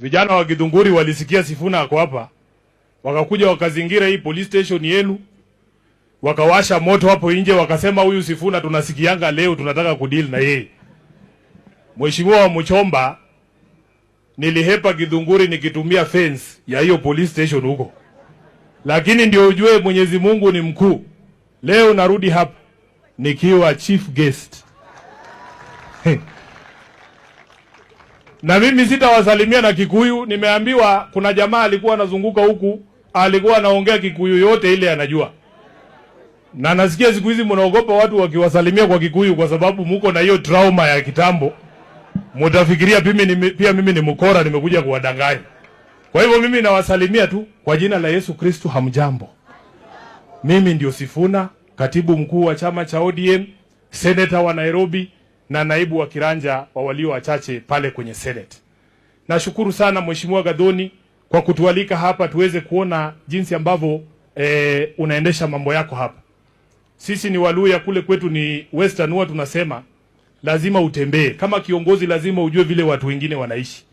Vijana wa Githunguri walisikia Sifuna ako hapa, wakakuja wakazingira hii police station yenu, wakawasha moto hapo nje, wakasema huyu Sifuna tunasikianga leo, tunataka kudeal na yeye. Mheshimiwa wa Mchomba, nilihepa Githunguri nikitumia fence ya hiyo police station huko, lakini ndio ujue Mwenyezi Mungu ni mkuu. Leo narudi hapa nikiwa chief guest na mimi sitawasalimia na Kikuyu. Nimeambiwa kuna jamaa alikuwa anazunguka huku, alikuwa anaongea Kikuyu yote ile anajua, na nasikia siku hizi mnaogopa watu wakiwasalimia kwa Kikuyu kwa sababu muko na hiyo trauma ya kitambo, mutafikiria pia mimi ni mkora, nimekuja kuwadanganya. Kwa hivyo mimi nawasalimia tu kwa jina la Yesu Kristu, hamjambo. Mimi ndio Sifuna, katibu mkuu wa chama cha ODM, seneta wa Nairobi na naibu wa kiranja wa walio wachache pale kwenye Senate. Nashukuru sana Mheshimiwa Gadhoni kwa kutualika hapa tuweze kuona jinsi ambavyo e, unaendesha mambo yako hapa. Sisi ni Waluya, kule kwetu ni Western, huwa tunasema lazima utembee kama kiongozi, lazima ujue vile watu wengine wanaishi.